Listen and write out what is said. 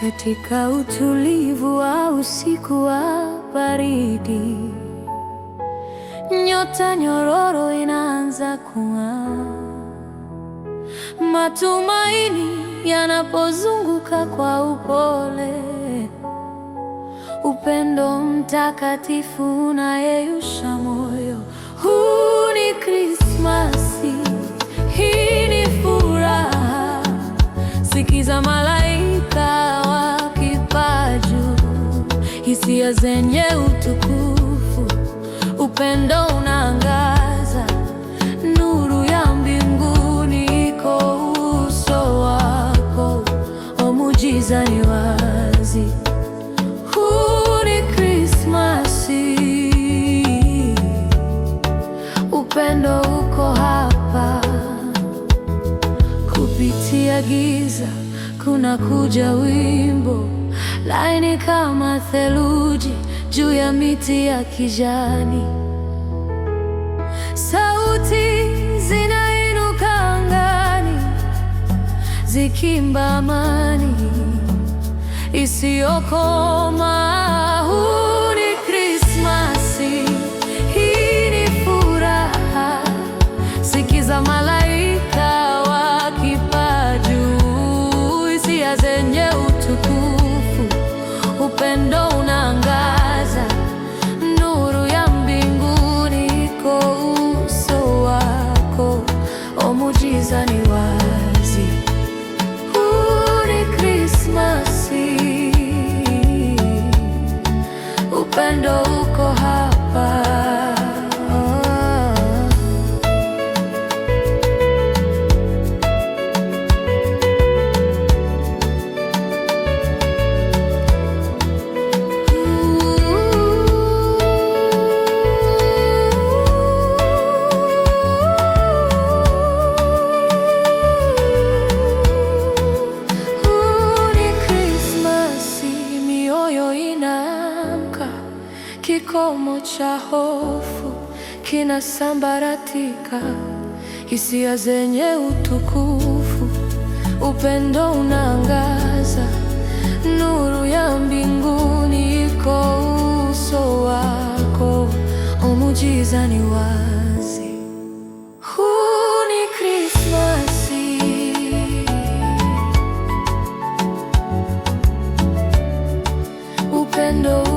katika utulivu wa usiku wa baridi, nyota nyororo inaanza kung'aa. Matumaini yanapozunguka kwa upole, upendo mtakatifu unayeyusha moyo. Huu ni Krismasi, hii ni furaha. Sikiza malaika njia zenye utukufu, upendo unaangaza, nuru ya mbinguni iko uso wako, o muujiza ni wazi. Huu ni Krismasi, upendo uko hapa, kupitia giza kuna kuja wimbo laini kama theluji juu ya miti ya kijani. Sauti zinainuka angani zikimba amani isiyokoma. ni wazi, huu ni Krismasi, upendo cha hofu kinasambaratika, hisia zenye utukufu, upendo unaangaza, nuru ya mbinguni iko uso wako, umujiza ni wazi. Huu ni Krismasi. Upendo